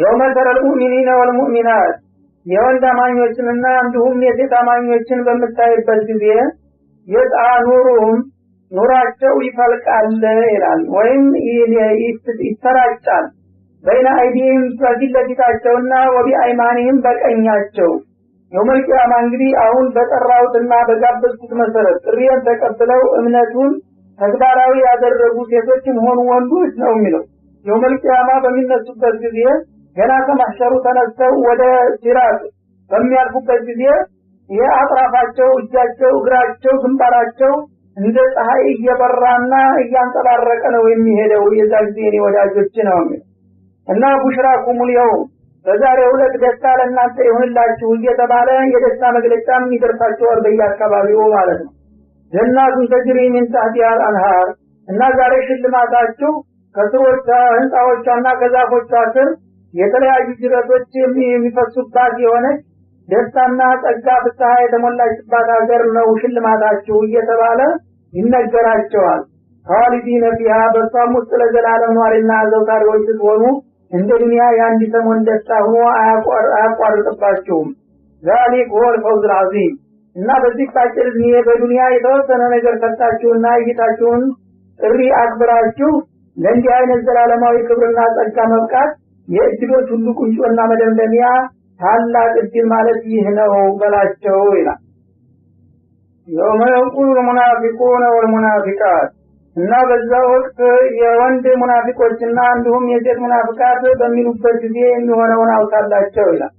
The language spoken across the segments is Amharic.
የውመ ተረል ሙእሚኒነ ወልሙእሚናት የወንድ አማኞችንና እንዲሁም የሴት አማኞችን በምታይበት ጊዜ የጣ ኑሩም ኑራቸው ይፈልቃል ይላል። ወይም ይሰራጫል። በይነ አይዲህም በፊት ለፊታቸውና ወቢአይማኒህም በቀኛቸው የውመል ቂያማ እንግዲህ አሁን በጠራሁትና በጋበዝኩት መሰረት ጥሪየን ተቀብለው እምነቱን ተግባራዊ ያደረጉ ሴቶችም ሆኑ ወንዶች ነው የሚለው የውመል በሚነሱበት ጊዜ ገና ከማሸሩ ተነስተው ወደ ሲራጥ በሚያልፉበት ጊዜ ይሄ አጥራፋቸው፣ እጃቸው፣ እግራቸው፣ ግንባራቸው እንደ ፀሐይ እየበራና እያንጸባረቀ ነው የሚሄደው። የዛ ጊዜ እኔ ወዳጆች ነው የሚ እና ቡሽራኩሙል የውም በዛሬ ሁለት ደስታ ለእናንተ ይሁንላችሁ እየተባለ የደስታ መግለጫም ይደርሳቸዋል በየአካባቢው ማለት ነው። ጀናቱን ተጅሪ ሚንታህት ታህቲሃ አንሃር እና ዛሬ ሽልማታችሁ ከስሮቿ ህንፃዎቿና ከዛፎቿ ስር የተለያዩ ጅረቶች የሚፈሱባት የሆነች ደስታና ጸጋ ፍስሐ የተሞላችባት ሀገር ነው ሽልማታችሁ እየተባለ ይነገራቸዋል። ካሊዲነ ፊሃ በሷም ውስጥ ለዘላለም ኗሪና ዘውታሪዎች ስትሆኑ እንደ ዱንያ የአንድ ሰሞን ደስታ ሆኖ አያቋርጥባቸውም። ዛሊክ ሆል ፈውዝ ልዓዚም እና በዚህ ባጭር እድሜ በዱንያ የተወሰነ ነገር ፈታችሁና እይታችሁን ጥሪ አክብራችሁ ለእንዲህ አይነት ዘላለማዊ ክብርና ጸጋ መብቃት የእድሎች ሁሉ ቁንጮና መደምደሚያ ታላቅ እድል ማለት ይህ ነው በላቸው ይላል የውመ የቁሉ ሙናፊቁነ ወልሙናፊቃት እና በዛ ወቅት የወንድ ሙናፊቆችና እንዲሁም የሴት ሙናፊቃት በሚሉበት ጊዜ የሚሆነውን አውታላቸው ይላል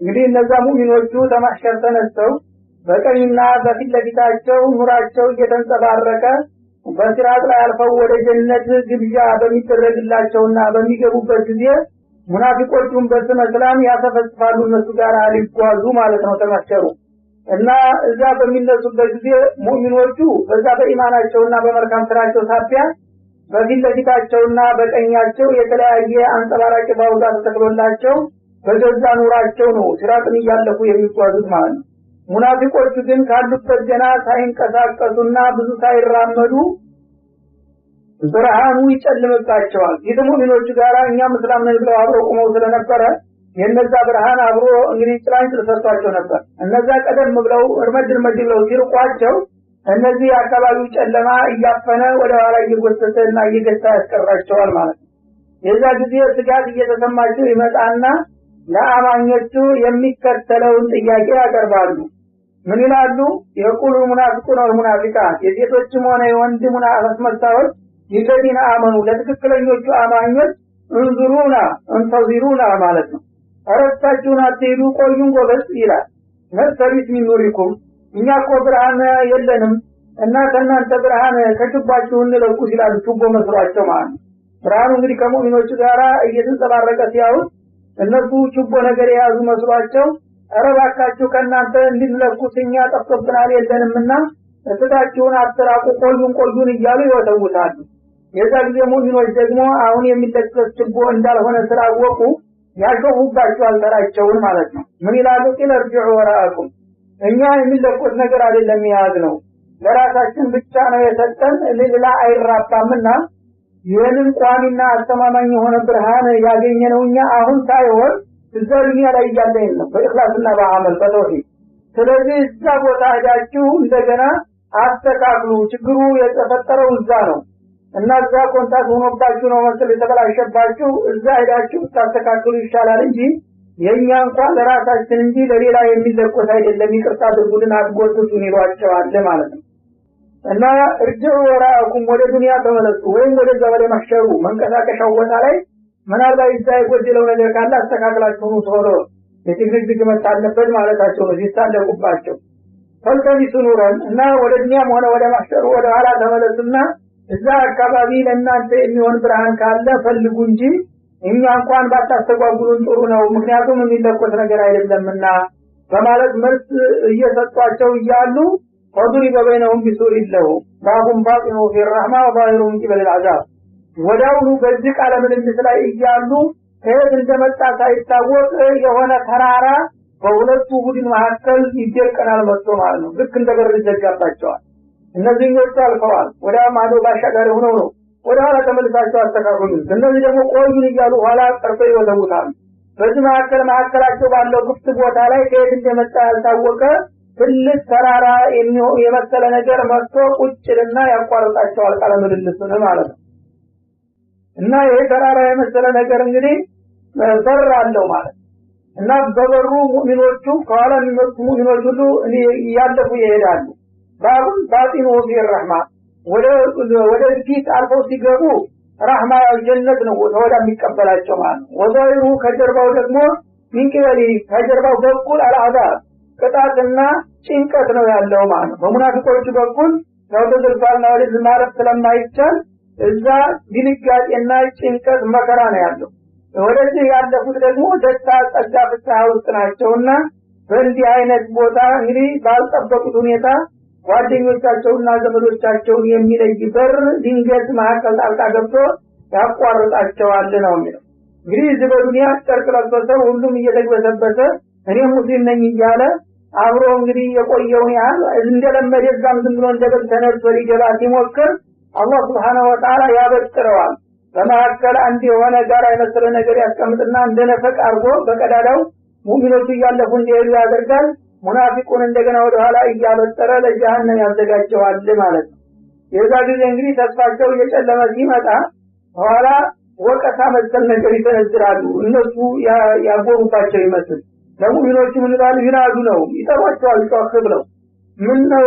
እንግዲህ እነዛ ሙሚኖቹ ተማሸር ተነስተው በቀኝና በፊት ለፊታቸው ኑራቸው እየተንጸባረቀ በስራት ላይ አልፈው ወደ ጀነት ግብዣ በሚደረግላቸውና በሚገቡበት ጊዜ ሙናፊቆቹም በስመ እስላም ያሰፈጽፋሉ እነሱ ጋር ሊጓዙ ማለት ነው ተመቸሩ እና እዛ በሚነሱበት ጊዜ ሙእሚኖቹ በዛ በኢማናቸውና በመልካም ስራቸው ሳቢያ በፊት ለፊታቸውና በቀኛቸው የተለያየ አንጸባራቂ ባውዛ ተተክሎላቸው በገዛ ኑራቸው ነው ሲራጥን እያለፉ የሚጓዙት ማለት ነው ሙናፊቆቹ ግን ካሉበት ገና ሳይንቀሳቀሱና ብዙ ሳይራመዱ ብርሃኑ ይጨልምባቸዋል ይህ ጋራ ጋር እኛም እስላም ነን ብለው አብሮ ቁመው ስለነበረ የነዛ ብርሃን አብሮ እንግዲህ ጭላንጭል ሰርቷቸው ነበር እነዛ ቀደም ብለው እርመድ እርመድ ብለው ሲርቋቸው እነዚህ የአካባቢው ጨለማ እያፈነ ወደ ኋላ እየጎተተ እና እየገታ ያስቀራቸዋል ማለት ነው የዛ ጊዜ ስጋት እየተሰማቸው ይመጣና ለአማኞቹ የሚከተለውን ጥያቄ ያቀርባሉ ምን ይላሉ የቁሉ ሙናፊቁ ነው ሙናፊቃ የሴቶችም ሆነ የወንድ ሙና አስመሳዮች ሊለዚነ አመኑ ለትክክለኞቹ አማኞች እንዙሩና እንተዚሩና ማለት ነው። እረሳችሁን አትሄዱ ቆዩን ጎበዝ ይላል። ነሰቢት ሚኑሪኩም እኛ እኮ ብርሃን የለንም እና ከእናንተ ብርሃን ከችባችሁ እንለኩ ሲላሉ ችቦ መስሏቸው ማለት ነው። ብርሃኑ እንግዲህ ከሙእሚኖቹ ጋር እየተንጸባረቀ ሲያውት እነሱ ችቦ ነገር የያዙ መስሏቸው ኧረ እባካችሁ ከእናንተ እንድንለኩት እኛ ጠፍቶብናል እና እስታችሁን አትራቁ ቆዩን ቆዩን እያሉ ይወተውታሉ። የዛ ጊዜ ሙእሚኖች ደግሞ አሁን የሚለቀስ ችቦ እንዳልሆነ ስላወቁ ያሾፉባቸዋል ተራቸውን ማለት ነው። ምን ይላሉ? ቂል እርጅዑ ወራአኩም እኛ የሚለቁት ነገር አይደለም የያዝ ነው ለራሳችን ብቻ ነው የሰጠን ልልላ አይራባምና ይህንን ቋሚና አስተማማኝ የሆነ ብርሃን ያገኘ ነው እኛ አሁን ሳይሆን እዛ ዱኒያ ላይ እያለ የለም በእክላስና በአመል በተውሂድ ስለዚህ እዛ ቦታ ሄዳችሁ እንደገና አስተካክሉ ችግሩ የተፈጠረው እዛ ነው እና እዛ ኮንታክት ሆኖባችሁ ነው መስል የተበላሸባችሁ፣ እዛ ሄዳችሁ ታስተካክሉ ይሻላል እንጂ የእኛ እንኳን ለራሳችን እንጂ ለሌላ የሚለቆት አይደለም፣ ይቅርታ አድርጉልን፣ አትጎትቱን ይሏቸዋል ማለት ነው። እና እርጅዑ ወራአኩም ወደ ዱንያ ተመለሱ፣ ወይም ወደ ዘበለ መሕሸሩ መንቀሳቀሻው ቦታ ላይ ምናልባት እዛ የጎደለው ነገር ካለ አስተካክላችሁ ኑ ቶሎ፣ የችግር ድግመት አለበት ማለታቸው ነው ሲሳለቁባቸው። ፈልተቢሱ ኑረን እና ወደ ዱንያም ሆነ ወደ ማሕሸሩ ወደ ኋላ ተመለሱና እዛ አካባቢ ለእናንተ የሚሆን ብርሃን ካለ ፈልጉ እንጂ እኛ እንኳን ባታስተጓጉሉን ጥሩ ነው፣ ምክንያቱም የሚለኮስ ነገር አይደለምና በማለት መልስ እየሰጧቸው እያሉ ፈዱሪበ በበይነሁም ቢሱር ለሁ ባቡን ባጢኑ ፊ ረሕማ ወዛሂሩ ምን ቂበል ልዓዛብ ወዳውኑ በዚህ ቃለ ምልልስ ላይ እያሉ ከየት እንደመጣ ሳይታወቅ የሆነ ተራራ በሁለቱ ቡድን መካከል ይደቀናል መጥቶ ማለት ነው። ልክ እንደ በር ይዘጋባቸዋል። እነዚህኞቹ አልፈዋል። ወደ ማዶ ባሻጋሪ ሆነው ነው ወደ ኋላ ተመልሳቸው አስተካክሉ። እነዚህ ደግሞ ቆዩን እያሉ ኋላ ቀርቶ ይወተውታል። በዚህ መካከል መካከላቸው ባለው ክፍት ቦታ ላይ ከየት እንደመጣ ያልታወቀ ትልቅ ተራራ የመሰለ ነገር መጥቶ ቁጭልና ያቋርጣቸዋል። ቃለ ምልልሱን ማለት ነው። እና ይሄ ተራራ የመሰለ ነገር እንግዲህ በር አለው ማለት እና በበሩ ሙእሚኖቹ ከኋላ የሚመጡት ሙእሚኖች ሁሉ እያለፉ ይሄዳሉ። ባቡን ባጢኑ ወደ ወደ ወደፊት አልፈው ሲገቡ ራህማ ያው ጀነት ነው ተወዳ የሚቀበላቸው ማለት ነው። ወዛይሩ ከጀርባው ደግሞ ሚንቅበሊ ከጀርባው በኩል አልአዛብ ቅጣትና ጭንቀት ነው ያለው ማለት ነው። በሙናፊቆቹ በኩል ያው ተዘልፋልና ማረፍ ስለማይቻል እዛ ድንጋጤና ጭንቀት መከራ ነው ያለው። ወደዚህ ያለፉት ደግሞ ደስታ፣ ጸጋ፣ ፍስሐ ውስጥ ናቸውና በእንዲህ አይነት ቦታ እንግዲህ ባልጠበቁት ሁኔታ ጓደኞቻቸውና ዘመዶቻቸውን የሚለይ በር ድንገት መካከል ጣልቃ ገብቶ ያቋርጣቸዋል ነው የሚለው። እንግዲህ እዚህ በዱኒያ ጨርቅ ለበሰ ሁሉም እየተግበሰበሰ እኔ ሙስሊም ነኝ እያለ አብሮ እንግዲህ የቆየውን ያህል እንደለመደ እዛም ዝም ብሎ እንደገብ ተነስቶ ሊገባ ሲሞክር አላህ ስብሓነሁ ወተላ ያበጥረዋል። በመካከል አንድ የሆነ ጋራ የመሰለ ነገር ያስቀምጥና እንደነፈቅ አድርጎ በቀዳዳው ሙሚኖቹ እያለፉ እንዲሄዱ ያደርጋል። ሙናፊቁን እንደገና ወደኋላ እያበጠረ ለጀሃነም ያዘጋጀዋል ማለት ነው። የዛ ጊዜ እንግዲህ ተስፋቸው እየጨለመ ሲመጣ በኋላ ወቀሳ መሰል ነገር ይሰነዝራሉ። እነሱ ያጎሩባቸው ይመስል ለሙሚኖቹ ምንባል ይናዱ ነው ይጠሯቸዋል። ጮክ ብለው ምን ነው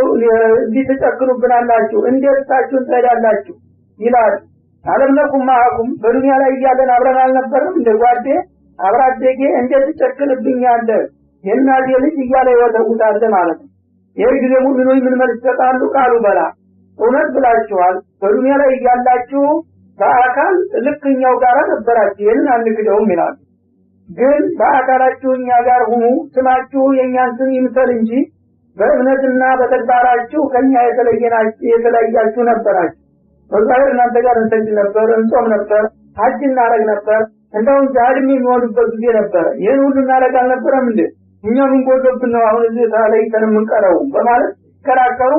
እንዲህ ትጨክኑብናላችሁ? እንዴት እሳችሁን ትሄዳላችሁ? ይላል አለም ማአኩም በዱኒያ ላይ እያለን አብረን አልነበርም? እንደ ጓዴ አብራዴጌ እንዴት ትጨክንብኛለህ የእናቴ ልጅ እያለ ይወተውታል ማለት ነው። ይህን ጊዜ ነው ምን መልስ ይሰጣሉ? ቃሉ በላ እውነት ብላችኋል። በዱንያ ላይ እያላችሁ በአካል ልክኛው ጋራ ነበራችሁ፣ ይህንን አንክደውም ይላሉ። ግን በአካላችሁ እኛ ጋር ሁኑ፣ ስማችሁ የእኛን ስም ይምሰል እንጂ በእምነትና በተግባራችሁ ከእኛ የተለያያችሁ ነበራችሁ። በዛሬ እናንተ ጋር እንሰግድ ነበር፣ እንጾም ነበር፣ ሀጅ እናረግ ነበር፣ እንደውም ጃሃድም የሚሆኑበት ጊዜ ነበረ። ይህን ሁሉ እናረግ አልነበረም እንዴ? እኛ ምን ጎሎብን ነው አሁን እዚህ ተለይተን የምንቀረው በማለት ከራከሩ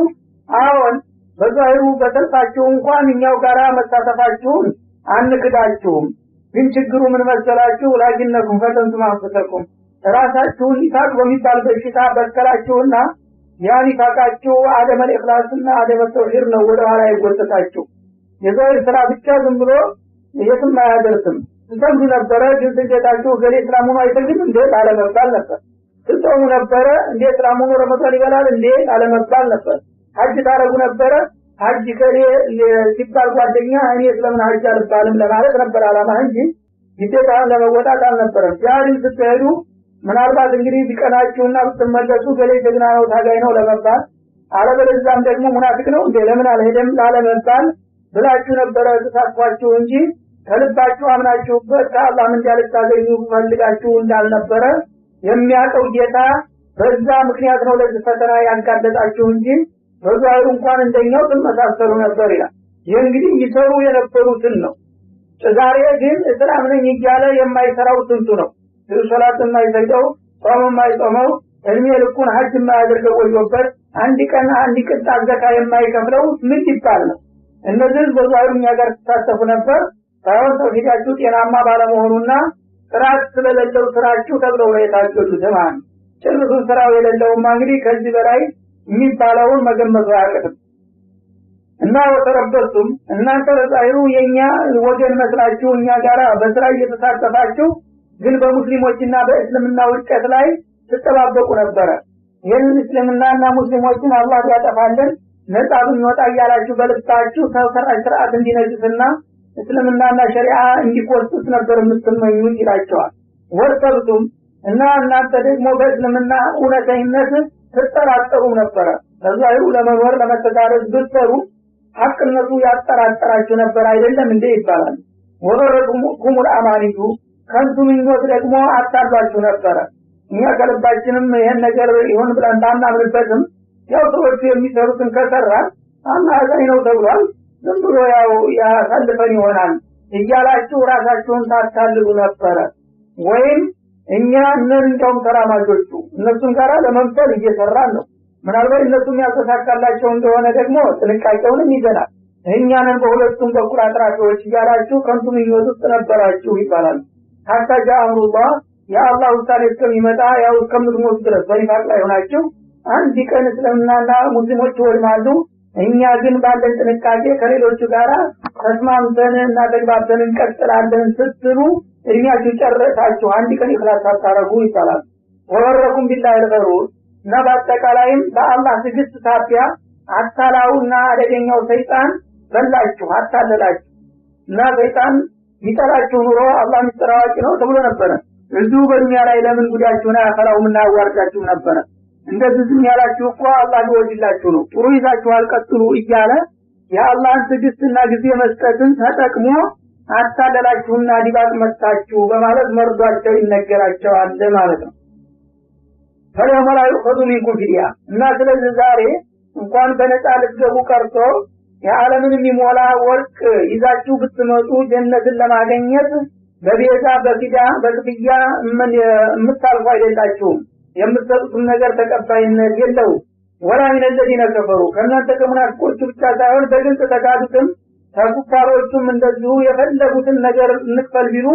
አሁን በዛሂሩ በሰልፋችሁ እንኳን እኛው ጋራ መሳተፋችሁን አንክዳችሁም። ግን ችግሩ ምን መሰላችሁ? ላኪነኩም ፈተንቱ አንፍሰኩም ራሳችሁን ኒፋቅ በሚባል በሽታ በከላችሁና ያ ኒፋቃችሁ አደመል ኢኽላስና አደመል ተውሂር ነው ወደ ኋላ የጎተታችሁ። የዛሂር ስራ ብቻ ዝም ብሎ የትም አያደርስም። ትሰግዱ ነበረ፣ ግን ስግደታችሁ ገሌ እስላሙኑ አይሰግድም እንዴት አለመባል ነበር። ትጾሙ ነበረ እንዴ እስላም ሆኖ ረመዷን ይበላል እንዴ አለመባል ነበር ሀጅ ታረጉ ነበረ ሀጅ ከሌ ሲባል ጓደኛ እኔ ስለምን ሀጅ አልባልም ለማለት ነበር አላማ እንጂ ግዴታ ለመወጣት አልነበረም ጃድም ስትሄዱ ምናልባት እንግዲህ ቢቀናችሁና ብትመለሱ ገሌ ጀግና ነው ታጋይ ነው ለመባል አለበለዛም ደግሞ ሙናፊቅ ነው እንዴ ለምን አልሄደም ላለመባል ብላችሁ ነበረ ተሳትፏችሁ እንጂ ከልባችሁ አምናችሁበት ከአላህ ምንዳ ልታገኙ ፈልጋችሁ እንዳልነበረ የሚያውቀው ጌታ በዛ ምክንያት ነው ለዚህ ፈተና ያጋለጣችሁ እንጂ በዛሩ እንኳን እንደኛው ትመሳሰሉ ነበር ይላል። ይህ እንግዲህ ይሰሩ የነበሩትን ነው። ዛሬ ግን እስላም ነኝ እያለ የማይሰራው ስንቱ ነው? ብዙ ሶላት የማይሰግደው፣ ጾም የማይጾመው፣ እድሜ ልኩን ሀጅ የማያደርገው ቆዮበት አንድ ቀን አንድ ቅጣ ዘካ የማይከፍለው ምን ይባል ነው? እነዚህ በዛሩ እኛ ጋር ነበር ሳይሆን ተውሂዳችሁ ጤናማ ባለመሆኑና ጥራት ስለሌለው ስራችሁ ተብለው ነው የታገዱት ማለት ነው። ጭርሱን ስራው የሌለውማ እንግዲህ ከዚህ በላይ የሚባለውን መገመት አያቅትም እና ወተረበቱም እናንተ ለዛይሩ የእኛ ወገን መስላችሁ እኛ ጋራ በስራ እየተሳተፋችሁ ግን በሙስሊሞችና በእስልምና ውድቀት ላይ ትጠባበቁ ነበረ። ይህንን እስልምናና ሙስሊሞችን አላህ ያጠፋለን ነጻ ብንወጣ እያላችሁ በልብታችሁ ሰው ሰራሽ ስርዓት እንዲነግስና እስልምናና ሸሪዓ እንዲቆርጡት ነበር የምትመኙት ይላቸዋል። ወርተብቱም እና እናንተ ደግሞ በእስልምና እውነተኝነት ትጠራጠሩም ነበረ። በዛሩ ለመኖር ለመተዳረስ ብትሰሩ ሀቅነቱ ያጠራጠራችሁ ነበር አይደለም እንዴ ይባላል። ወበረቱሙል ልአማኒቱ ከንቱ ምኞት ደግሞ አታሏችሁ ነበረ። እኛ ከልባችንም ይህን ነገር ይሆን ብለን ባናምንበትም ያው ሰዎቹ የሚሰሩትን ከሰራ አናዛኝ ነው ተብሏል። ዝም ብሎ ያው ያሳልፈን ይሆናል እያላችሁ ራሳችሁን ታታልሉ ነበረ ወይም እኛ እነን እንደውም ተራማጆቹ እነሱን ጋራ ለመምሰል እየሰራን ነው ምናልባት እነሱም ያልተሳካላቸው እንደሆነ ደግሞ ጥንቃቄውንም ይዘናል እኛንን በሁለቱም በኩል አጥራፊዎች እያላችሁ ከንቱ ምኞት ውስጥ ነበራችሁ ይባላል ካታጃ አምሩላህ የአላህ ውሳኔ እስከሚመጣ ያው እስከምትሞት ድረስ በኒፋቅ ላይ ሆናችሁ አንድ ቀን እስልምናና ሙስሊሞች ይወድማሉ እኛ ግን ባለን ጥንቃቄ ከሌሎቹ ጋር ተስማምተን እና ተግባብተን እንቀጥላለን ስትሉ እድሜያችሁ ጨረሳችሁ አንድ ቀን ይክላስ ሳታረጉ ይባላል ወበረኩም ቢላህ ልቀሩ እና በአጠቃላይም በአላህ ትግስት ሳቢያ አታላውና አደገኛው ሰይጣን በላችሁ አታለላችሁ እና ሰይጣን ይጠላችሁ ኑሮ አላህ ሚስጥር አዋቂ ነው ተብሎ ነበረ እዚሁ በዱኒያ ላይ ለምን ጉዳችሁን አያፈላውም እና ያዋርዳችሁም ነበረ እንደዚህ ዝም ያላችሁ እኮ አላህ ሊወድላችሁ ነው፣ ጥሩ ይዛችሁ አልቀጥሉ እያለ የአላህን ትዕግስትና ጊዜ መስጠትን ተጠቅሞ አታለላችሁና ዲባቅ መታችሁ በማለት መርዷቸው ይነገራቸዋል ማለት ነው። ፈለሁም ይቆዱ ሚንኩም እና ስለዚህ ዛሬ እንኳን በነፃ ልትገቡ ቀርቶ የዓለምን የሚሞላ ወርቅ ይዛችሁ ብትመጡ ጀነትን ለማገኘት በቤዛ በፊዳ በክፍያ የምታልፉ አይደላችሁም። የምትሰጡትም ነገር ተቀባይነት የለው ወላ ሚን ለዚነ ከፈሩ ከእናንተ ከሙናፊቆቹ ብቻ ሳይሆን በግልጽ ተካዱትም ከኩፋሮቹም እንደዚሁ የፈለጉትን ነገር እንቅፈል ቢሉ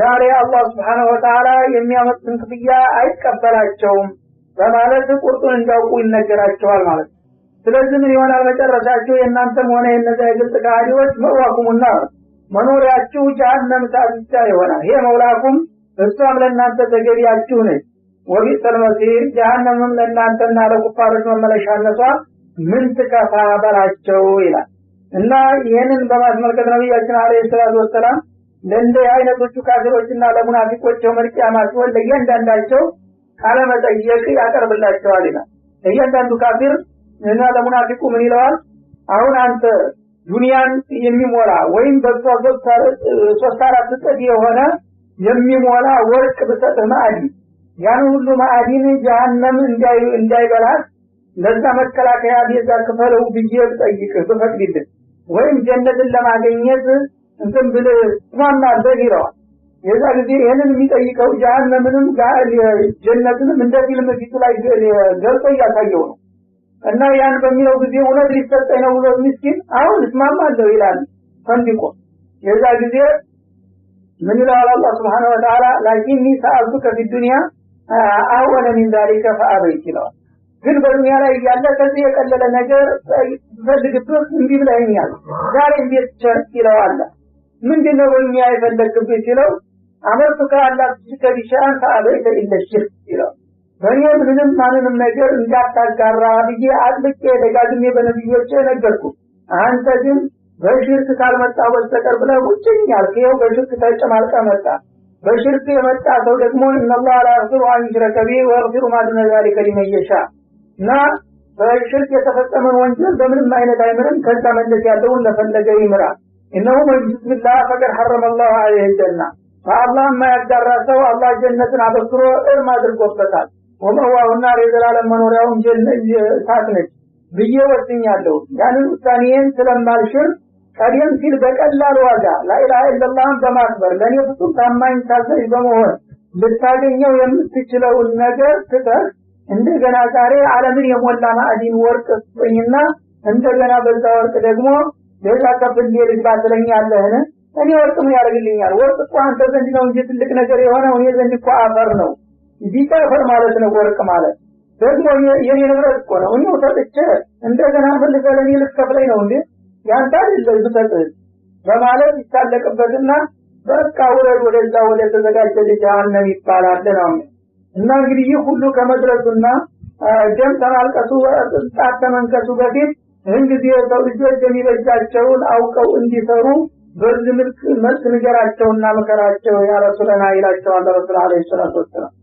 ዛሬ አላህ ስብሓነሁ ወተዓላ የሚያመጡትን ክፍያ አይቀበላቸውም በማለት ቁርጡን እንዳውቁ ይነገራቸዋል ማለት ነው። ስለዚህ ምን ይሆናል መጨረሻቸው? የእናንተም ሆነ የነዛ የግብፅ ከሃዲዎች መዋኩሙና መኖሪያችሁ ጀሀነም እሳት ብቻ ይሆናል። ይሄ መውላኩም እሷም ለእናንተ ተገቢያችሁ ነች። ወቢሰል መሲህ ጀሃነምም ለእናንተና ለኩፋሮች መመለሻነቷ ምን ትከፋ በላቸው ይላል እና ይህንን በማስመልከት ነቢያችን አለ ሰላቱ ወሰላም ለእንደ አይነቶቹ ካፊሮችና ለሙናፊቆች ለሙናፊቆቸው ቂያማ ሲሆን ለእያንዳንዳቸው ቃለመጠየቅ ያቀርብላቸዋል ይላል ለእያንዳንዱ ካፊር እና ለሙናፊቁ ምን ይለዋል አሁን አንተ ዱኒያን የሚሞላ ወይም በሷ ሶስት አራት እጥፍ የሆነ የሚሞላ ወርቅ ብሰጥህ ማዕድ ያን ሁሉ ማዕዲን ጀሃነም እንዳይበላት ለዛ መከላከያ ቤዛ ክፈለው ብዬ ብጠይቅ ብፈቅድልህ ወይም ጀነትን ለማገኘት እንትን ብል ትማማለህ ይለዋል። የዛ ጊዜ ይህንን የሚጠይቀው ጀሃነምንም ጀነትንም እንደ ፊልም ፊቱ ላይ ገልጾ እያሳየው ነው። እና ያን በሚለው ጊዜ እውነት ሊሰጠኝ ነው ብሎ ምስኪን አሁን እስማማለሁ ይላል ፈንዲቆ የዛ ጊዜ ምን ይለዋል አላህ ስብሓነሁ ወተላ ላኪኒ ሰአልቱከ ፊ ዱኒያ አወለ ሚን ዛሊከ ፈአበይት ይለዋል። ግን በዱንያ ላይ እያለ ከዚህ የቀለለ ነገር ፈልግብህ እንቢ ብለኛል፣ ዛሬ እንዴት ቸርት ይለዋል። ምንድን ነው በዱንያ የፈለግብህ ሲለው አመርቱከ አላ ቱሽሪከ ቢ ሸይአን ፈአበይተ ኢለ ሽርክ ይለዋል። በእኔ ምንም ማንንም ነገር እንዳታጋራ ብዬ አጥብቄ ደጋግሜ በነቢዮቼ ነገርኩ፣ አንተ ግን በሽርክ ካልመጣ በስተቀር ብለህ ውጭኝ አልክ። ይኸው በሽርክ ተጨማልቀ መጣ። በሽርክ የመጣ ሰው ደግሞ እነላ ላ ያግፊሩ አን ዩሽረከ ቢሂ ወየግፊሩ ዛሊከ ሊመን እና በሽርክ የተፈጸመን ወንጀል በምንም አይነት አይምርም። ከዛ መለስ ያለውን ለፈለገ ይምራል። እነሁ መን ዩሽሪክ ፈቀድ ሐረመ ላሁ ዐለይሂ ልጀና በአላህ የማያጋራ ሰው አላህ ጀነትን አበክሮ እርም አድርጎበታል። ወመዋሁ ናር የዘላለም መኖሪያውም እሳት ነች ብዬ ወስኛለሁ። ያንን ውሳኔን ስለማልሽር ቀደም ሲል በቀላል ዋጋ ላኢላሃ ኢለላህን በማክበር ለእኔ ፍጹም ታማኝ ታዛዥ በመሆን ልታገኘው የምትችለውን ነገር ትተህ እንደገና ዛሬ ዓለምን የሞላ ማዕዲን ወርቅ ስጠኝና እንደገና በዛ ወርቅ ደግሞ ሌላ ከፍሌ ልግባ ትለኛለህን? እኔ ወርቅ ምን ያደርግልኛል? ወርቅ እኮ አንተ ዘንድ ነው እንጂ ትልቅ ነገር የሆነው እኔ ዘንድ እኮ አፈር ነው። ቢጫ አፈር ማለት ነው ወርቅ ማለት ደግሞ የኔ ንብረት እኮ ነው። እኔው ሰጥቼ እንደገና ፈልገህ ለእኔ ልትከፍለኝ ነው እንዴ? ያንተ አይደለም ስጠጥህ በማለት ይታለቅበትና በቃ ውረድ ወደዛ ወደ ተዘጋጀ ጀሃነም ይባላል ነው እና እንግዲህ ይህ ሁሉ ከመድረሱና ደም ተማልቀሱ ጣት ተመንከሱ በፊት ይህን ጊዜ የሰው ልጆች የሚበጃቸውን አውቀው እንዲሰሩ በዚህ መልክ መልክ ንገራቸውና ምከራቸው ያ ረሱለና ይላቸዋል ረሱል አለ ሰላት ወሰላም